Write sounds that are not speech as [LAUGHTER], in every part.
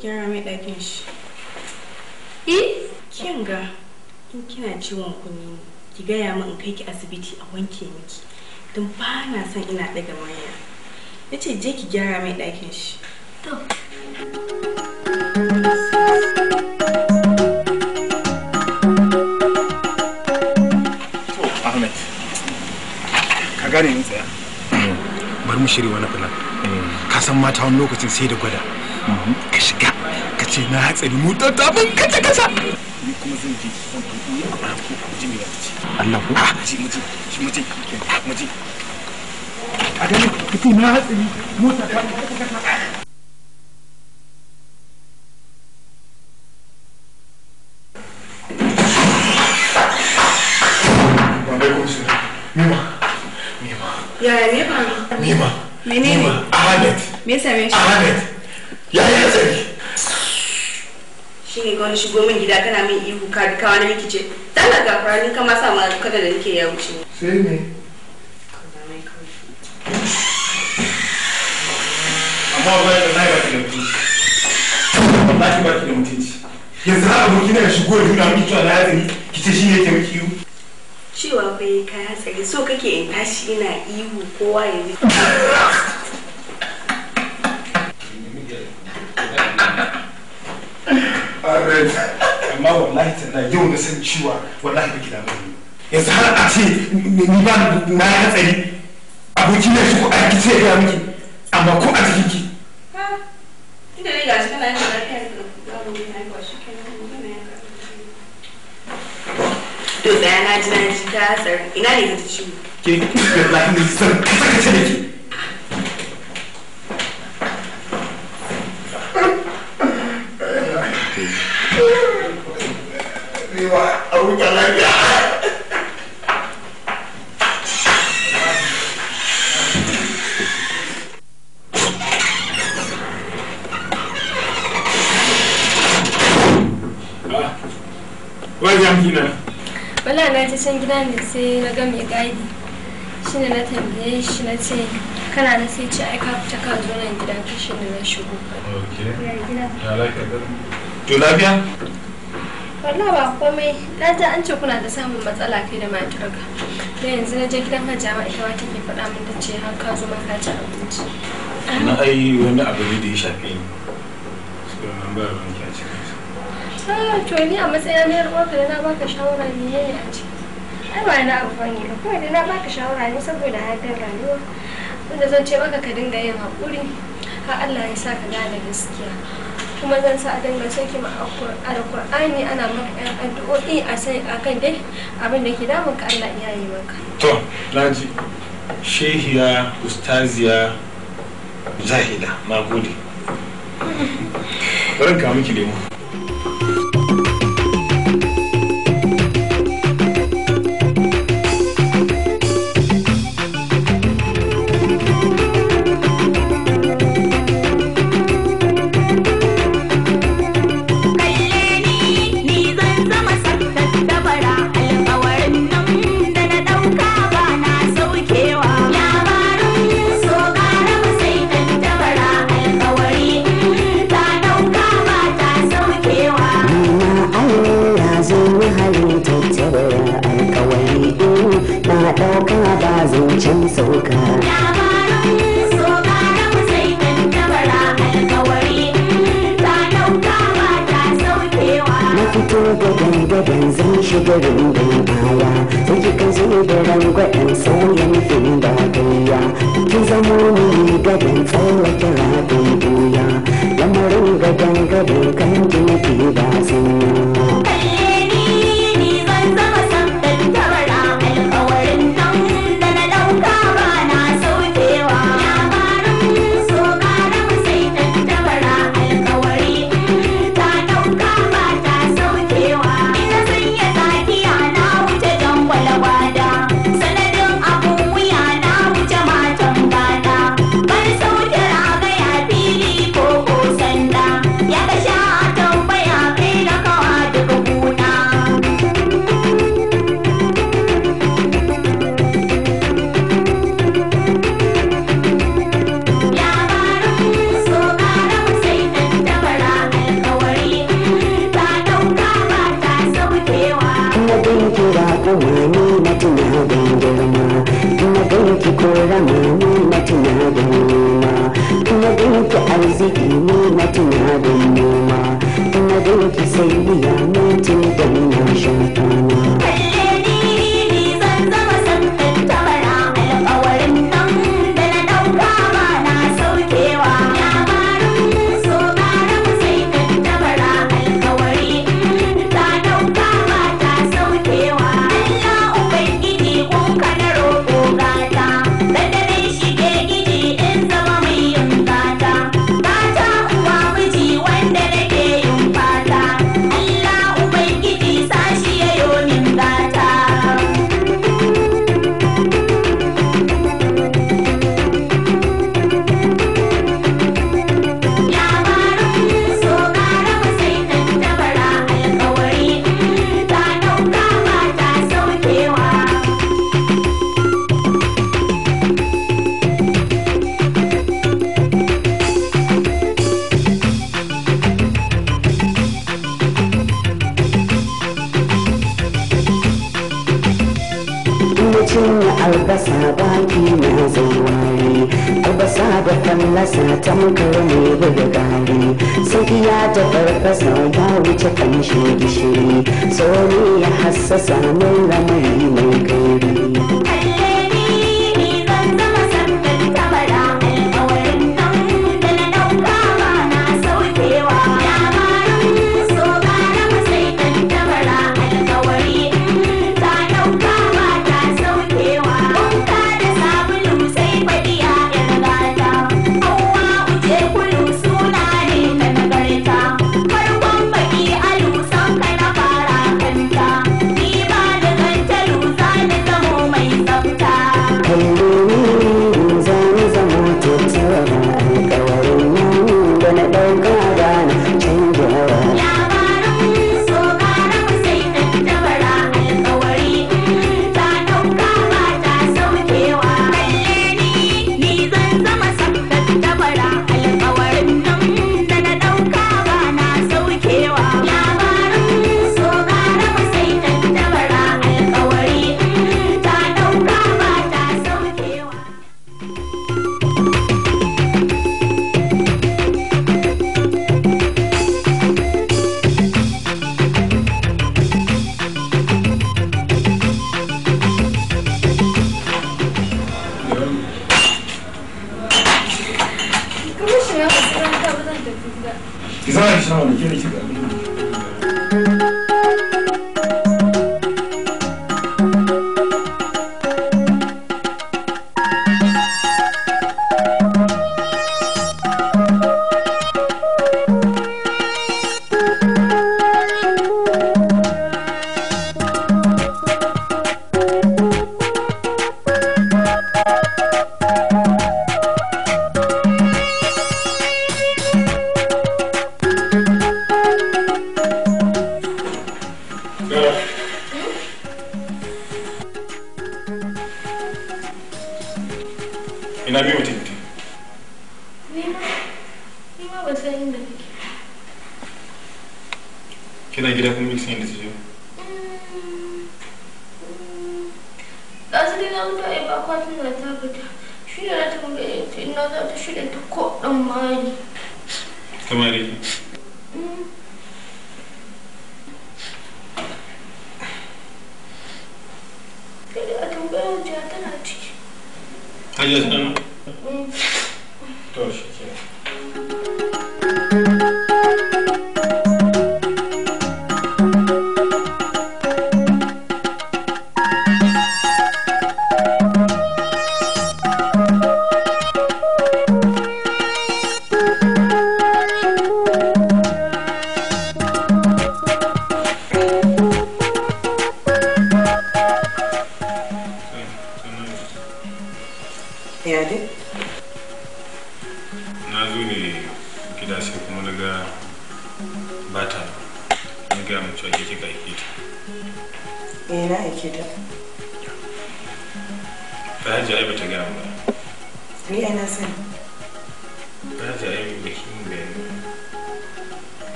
gyara mai ɗakin shi eh kin ga in kina ciwon kunne ki gaya min in kai ki asibiti a wanke miki don ba na son ina ɗaga maya ya ce je ki gyara mai ɗakin shi to ka gane ni tsaya. Eh, bari mu shirya wani plan. Eh. Ka san mata wani lokacin sai da gwada. Mhm. Ka shiga ce na hatsari mu ta mun kace kasa ni kuma zan je zan tuku ya ba ku ji me yace Allah ku ji mu ji shi mu ji mu ji a ga ni kike na hatsari mu ta mun kace kasa Yaya ne ba? Nima. Menene? Ahmed. Me same shi? Ahmed. Yaya ya sani? shine ka wani shigo min gida kana min ihu ka kawa na rikice dala ga faranin kama sa ma kada da nake ya wuce sai me amma wallahi da nayi baki da mutunci wallahi baki da mutunci yanzu har aboki na shigo da nuna miki cewa na hatsari ki ce shine yake miki ihu cewa bai ka hatsari so kake in tashi ina ihu kowa ya ji [LAUGHS] amma wallahi yau na san cewa wallahi ba gida bane yanzu har a ce ni ba na hatsari aboki ne ko a kice ya miki amma ko a cikin ki ne to na ji na ji ta tsari ina ne ta ciwo ke wallahi ne san kasa kace ne ki cewa a wuce lafiya gina. Wala na ta can gida ne sai na ga mai gadi. Shi ne na tambaye shi na ce kana na sai ce ai ka fita ka zo nan gida kashin da na shigo. Ok. Ya lafiya. To lafiya? Wallah ba komai. Na ji an ce kuna da samun matsala kai da matarka. Da yanzu na je gidan Hajjawa ita ma take faɗa min ta ce har ka zo ma ka ci abinci. Na ai wani abu ne da ya shafe ni. Sannan ba ruwan ki a cikin su. Ah, to ni a matsayin na yarwarka da na baka shawara ne ya yi a ciki. Ai ba na abu bane ba kuma da na baka shawara ne saboda hadin rayuwa. Wanda zan ce maka ka dinga yin haƙuri har Allah ya sa ka gane gaskiya. kuma zan sa a dinga a ma alƙur'ani ana maka yan addu'o'i a sai kan dai abin da ke damun ka Allah ya yi maka to laji shehiya ustaziya zahida nagode bari ka miki lemu garin bai kaya sai ki kan zuwa da rangwaɗan sauyan fin da gaya ki zamo ni gadon tsallake rabin doya lamarin gadon gadon kan ki mafi ba sanya sai biya na tun da muna cinye albasa baki na zai wari albasa da fallasa tamkar ne da gari sakiya da farfasa ya wuce kamshin gishiri tsoro ya hassasa min ramari mai kairi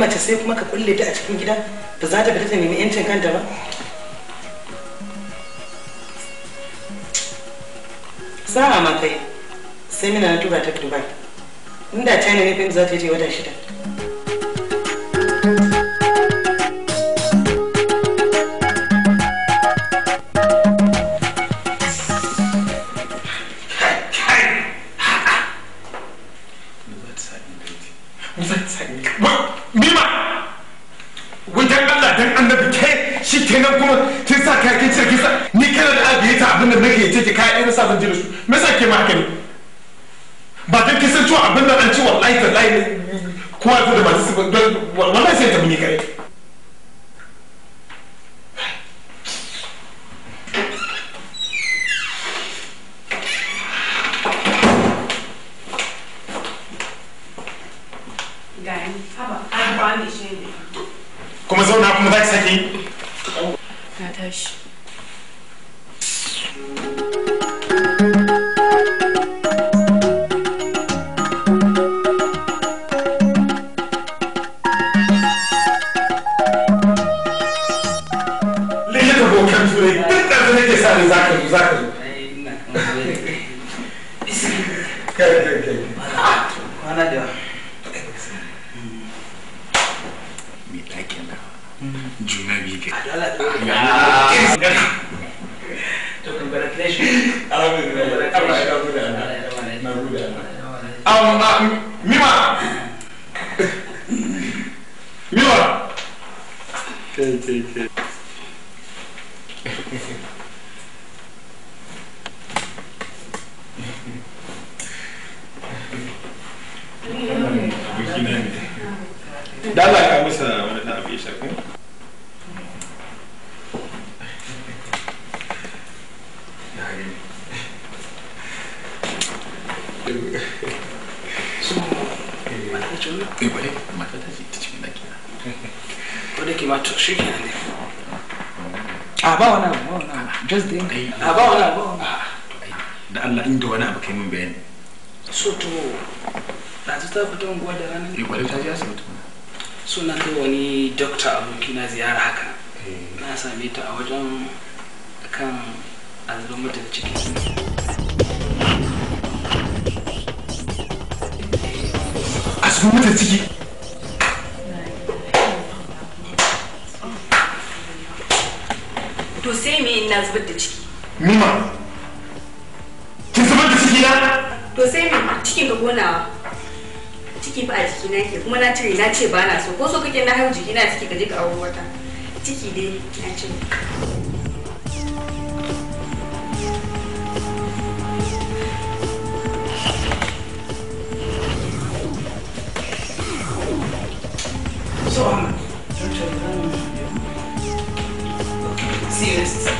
mace sai kuma ka kulle ta a cikin gida ba za ta fita ta nemi yancin kanta ba sa'a ma kai sai mina na tura ta dubai inda china ne fim za ta yi wata shida man maa seetlu bu ñu créé Dala sí, ma kin zubar da ciki na to sai me cikin ka gonawa ciki fa a jiki na ke kuma na cire na ce ba na so ko so kake na haihu jiki na ciki ka je ka auro wata ciki dai na ce So, um, seriously.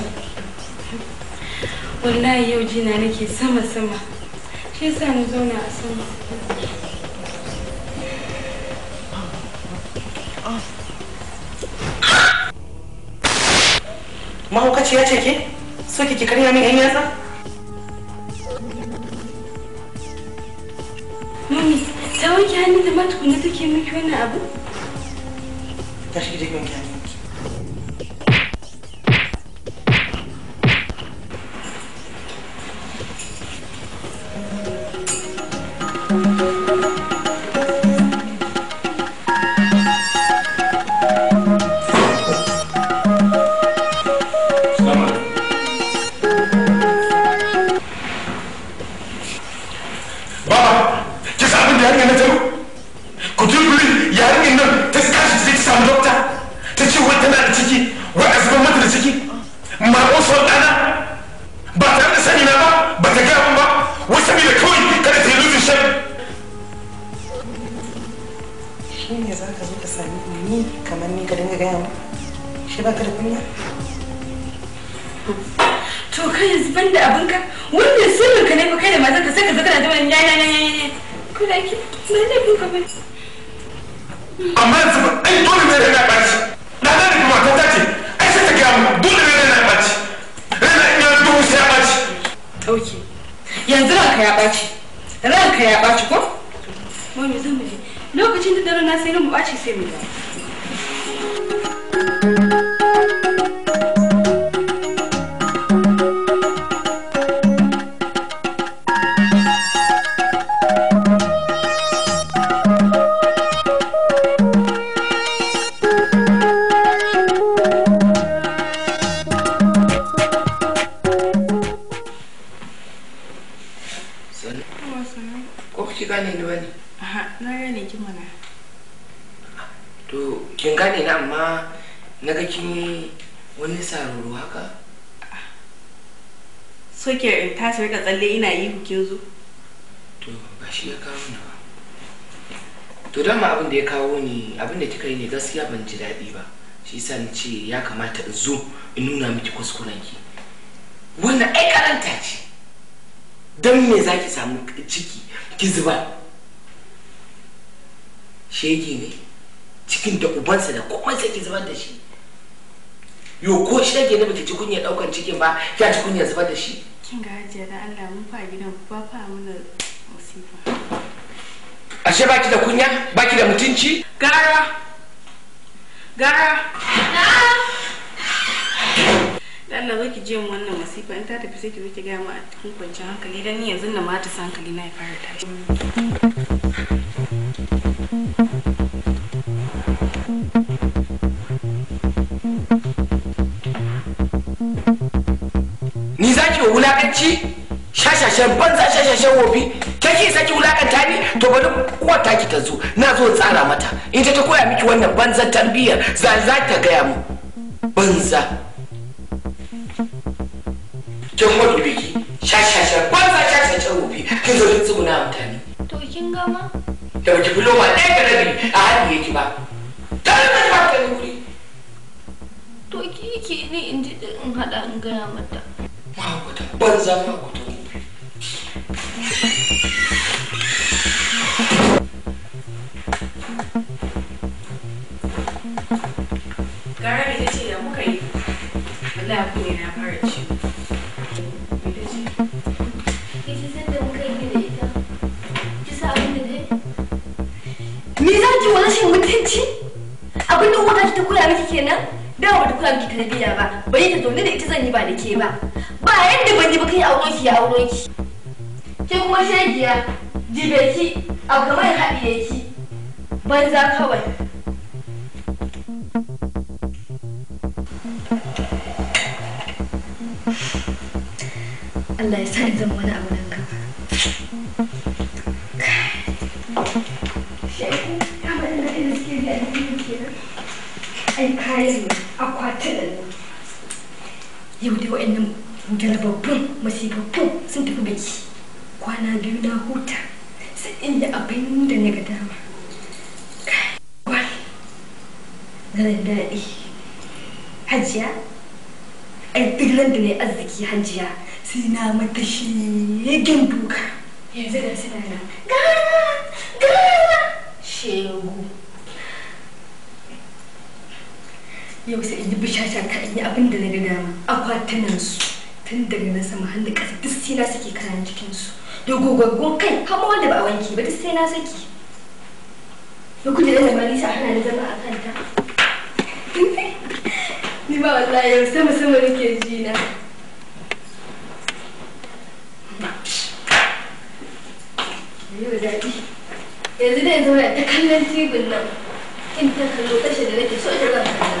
wallahi yau jina nake sama sama shi yasa na zauna a sama mahaukaci ya ce ke so ki karya min yan yatsa mami ta wanke hannun da matukuna take miki wani abu ta shi da yanki ce ya kamata in zo in nuna miki ki wannan ai karanta ce don me za ki samu ciki ki zuba shege ne cikin da ubansa da komai sai ki zubar da shi yo ko shege ne baki ci kunya daukan cikin ba ya ci kunya zubar da shi kin ga hajiya da Allah mun fa gidan ba fa mana musifa ashe baki da kunya baki da mutunci gara gara Allah zo ki je mu wannan masifa in ta tafi sai ki zo ki gaya mu a cikin hankali dan ni yanzu na mata san hankali na ya fara tashi. Ni za ki wulakanci shashashen banza shashashen wofi kake saki wulakanta ni to bari ta ki ta zo na zo tsara mata in ta ta koya miki wannan banzan tarbiyyar za ta gaya mu banza. kin mutu biki sha sha sha banza sha sha sha rufi kin zo kin tsuguna mutane to kin gama da baki fi loma ɗaya da rabi a hannu yake ba ta da mai ba ta wuri to ki ke ne in ji in haɗa in gaya mata mahaukata banza mahaukata gara ne ta ce da muka yi Allah ya kuma na fara ciwo ji wani shi mutunci abinda uwa ta ta kula miki kenan da ba ta kula miki tarbiyya ba bai ta zaune da ita zan yi ba da ke ba ba yadda ban yi ba kai auren ki ya auren ki ke kuma shegiya jibe ki abu kamar ya haɗiye ki banza kawai Allah ya sa zan wani abu da kai kayan akwatunan yau da wa'annan galababbun masifaffun sun tafi baki kwana biyu na huta sai in yi abin da na ga dama ganin daɗi hajiya ai duk da ne arziki hajiya sai na mata shegen duka yanzu da suna nan gara gara shegu yau sai in yi bishasha ta in yi abin da na ga dama akwatunan tun daga nan sama har ƙasa duk sai na saki kayan cikin da gogaggun kai har ma wanda ba a wanke ba duk sai na saki da kuje da lamari sa hana da zama a kanta ni ba wallahi yau sama sama nake ji na yau daɗi yanzu dai zauna ta kallon tibin nan in ta kallo kashe da nake so ta zama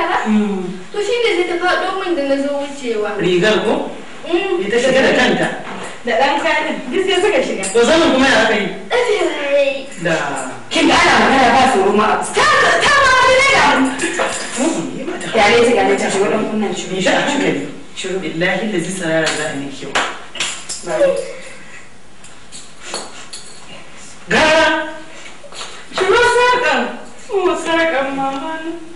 yara to shi ne zai ta faɗo min da na zo wucewa rigar ko ita shiga da kanta da ɗan kanin duk sai suka shiga to zanen kuma ya aka yi da kin ga ana magana ba tsoro ma ta ta ma wani na da ya ne ta gane ta shigo ɗan kunnan shigo in sha a cikin shigo billahi da zai sarara za a miki yau gara shigo sarƙan kuma sarƙan mamanu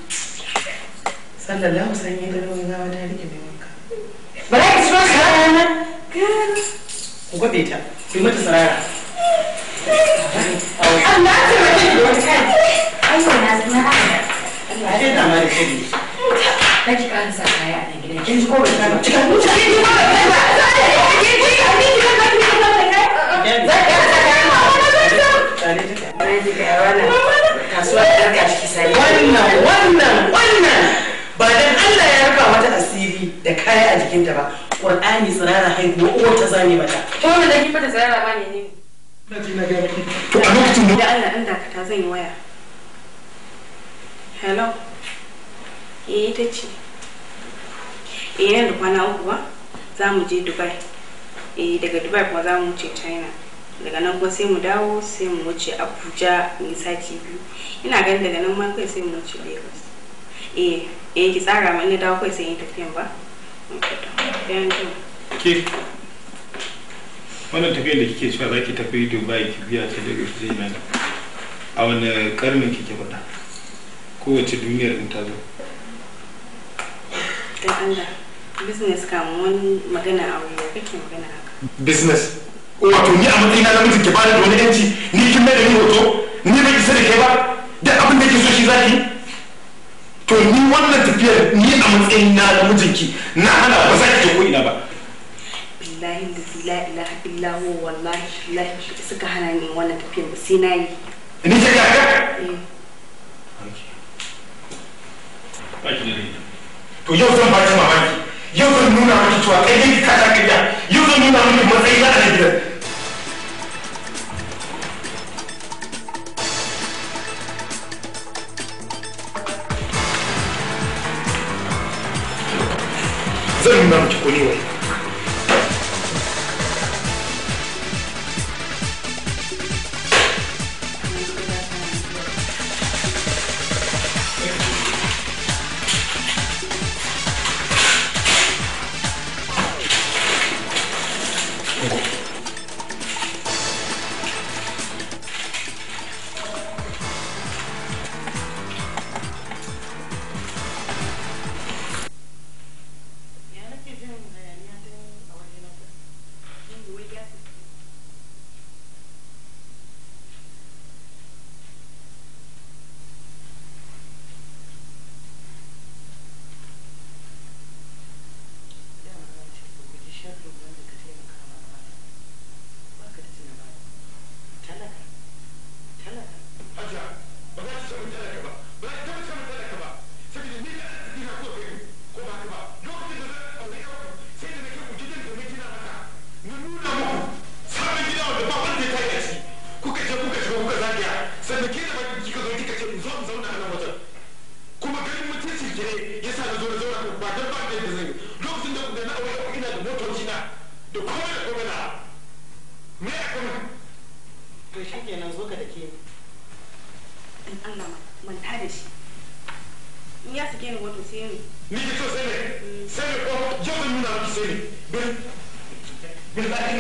sallallahu sanyi da ruwan gawa ta rike mai wanka ba za ki ci masa rana na ku gwabe ta ku mata sarara Allah ta da wani kai ayyuka na zama ta da shiri ta ki kan sa kaya a gidan kin ji ko ba ta ba cikin mutane ne ba ba ba za ta yi ki ji ka ni ki ka ki ka ka za ka sa kaya ma ba za ta tare da ka ne ga wannan wannan ba dan Allah ya rufa mata asiri da kaya a jikinta ba qur'ani tsirara haihuwa uwar ta zame mata ko da kifa da tsirara ba ne ne na ji na ga to da Allah dan dakata zan yi waya hello eh ta ce eh nan da kwana uku ba za mu je Dubai eh daga Dubai kuma za mu wuce China daga nan kuma sai mu dawo sai mu wuce Abuja mu sati biyu ina ganin daga nan ma kai sai mu wuce Lagos eh eh ki tsara mun ne dawo kai sai yin tafiyan ba ke wannan tafiyan da kike cewa zaki tafi dubai ki biya ta daga su zai mana a wani karnin kike faɗa kowace duniyar in ta zo business kam wani magana a wuya kake magana haka business wato ni a matsayina na mijin ke ba da wani yanci ni kin mai da ni hoto ni bai isa da kai ba da abin da ke so shi zaki wannan tafiyar ni a matsayin na da mijinki na hana ba za ki je ko ina ba billahi da la ilaha illa wa wallahi billahi suka hana ni wannan tafiyar ba sai na yi ni ce ka eh. to yau zan ba ki mamaki yau zan nuna miki cewa kai ne ka ta kariya yau zan nuna miki matsayin na da gidan zan nuna miki kuɗi wai Boury Boury Boury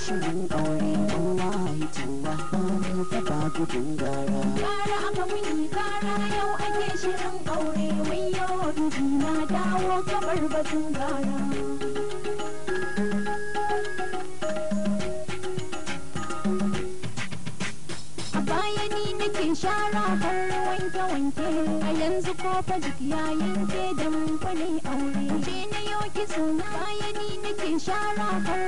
shin aure wallahi talla ba ta ba gudun gara gara aka muni gara yau ake shirin aure wai yau dubi na dawo kamar batun gara a bayani nake shara har wanke wanke a yanzu kofa duk yayin ke dan fa aure je na yau ki suna baya nake shara har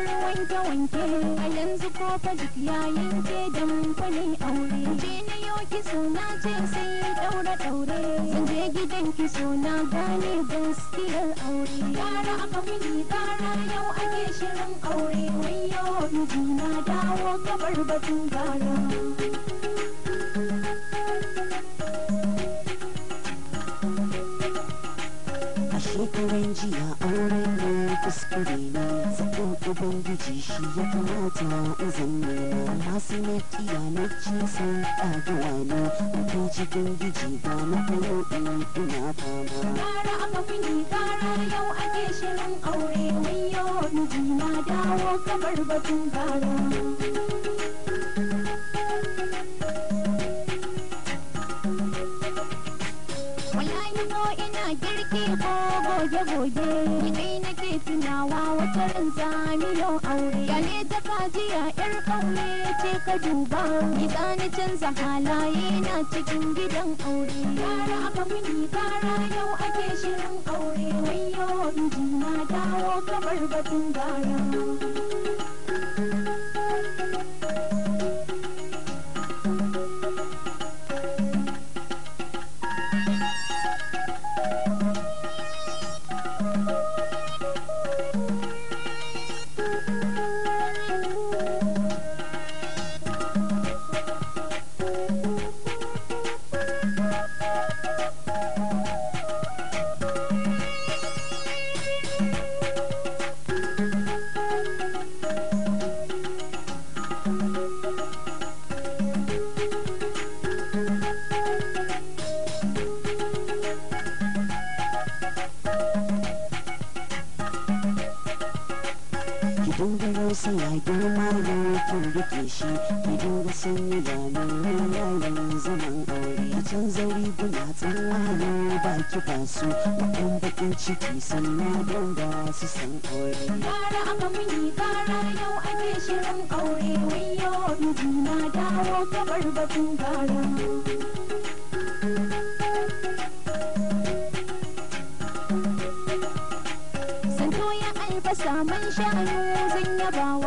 safa duk yayin da dan kwane aure je na yo ki suna ce sai daura daure zan je gidan ki suna gane gaskiyar aure gara aka mini gara yau ake shirin aure wai yawan juna dawo kamar batun gara a shekaran jiya auren na kuskure na ubangiji shi ya kamata izini na hasu na iya na kisa ɗagawa ne uku cikin giji ba na kuma ina fama gara aka fini gara yau ake shirin aure yawa, miji na dawo kamar batun gara ina girki ko goge-goge tunawa wata ran zamiyon aure gane ta fajiya yar kaune ce ka duba ni tsani canza halaye na cikin gidan aure gara aka mini gara yau ake shirin aure yau inji na dawo kamar batun gara canza su da bakin ciki sannan don da su san aure. Gara aka muni gara yau ake shirin aure wayo miji na dawo gabar batun gara. Santo ya albasa man shanu zan yaba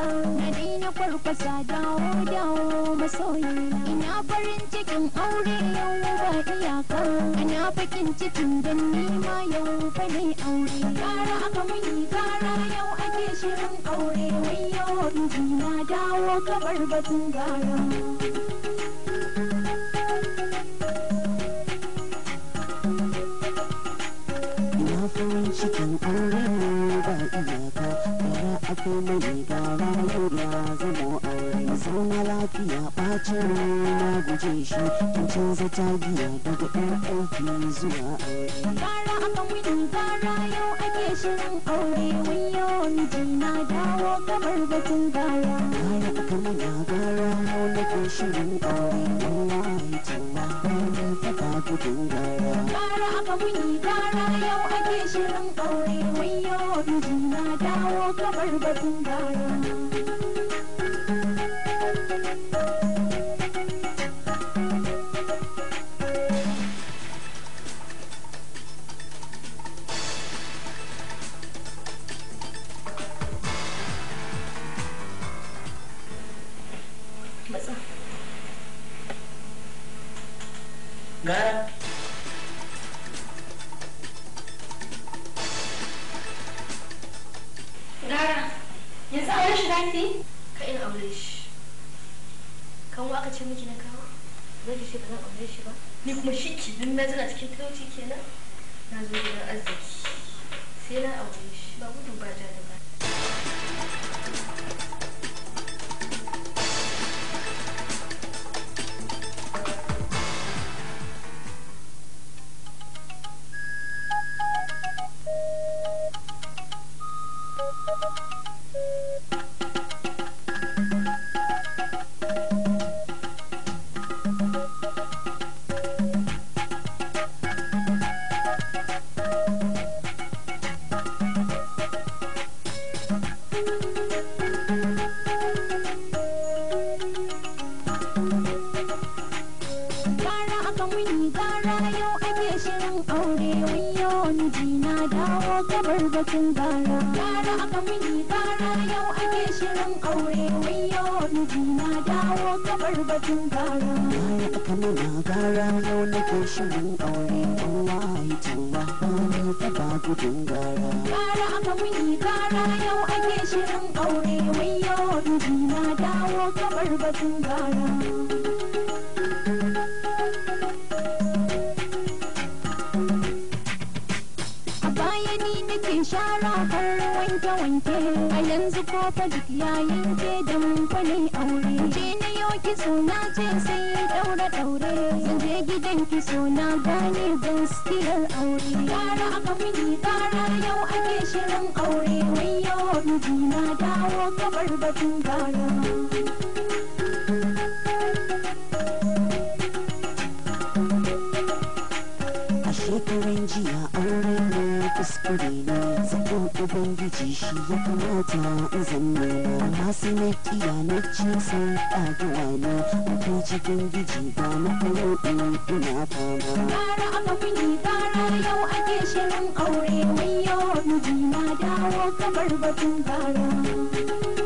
tafasa dawo dawo masoyi ina farin cikin aure yau ba iyaka ina bakin cikin dan nima yau fa ne aure gara aka muni gara yau ake shirin aure wai yau na dawo kamar batun gara cikin aure ba iyaka tafi mani gara ya zamo aure zauna lafiya bacin na guje shi in canza tagiya daga ɗan aiki zuwa aure gara aka wuni yau ake shirin aure wani yawan na dawo kamar batun gara gara aka mana gara yau nake shirin aure wallahi mutum gara. Gara aka muni gara yau ake shirin aure wayo biji na dawo kamar batun gara. na cikin talauci kenan na zo gidan ta wanke a yanzu ko duk yayin ke dan kwani aure je na yau ki na ce sai daure daure zan je gidan ki na gane gaskiyar aure gara aka mini gara yau ake shirin aure wai yau miji na dawo kamar batun gara a shekaran jiya aure na kuskure ubangiji shi ya kamata izan nuna masu na iya na ce sai a gawa na cikin giji ba na kuro ina fama. aka mini bara yau ake shirin aure wayo miji na dawo kamar batun gara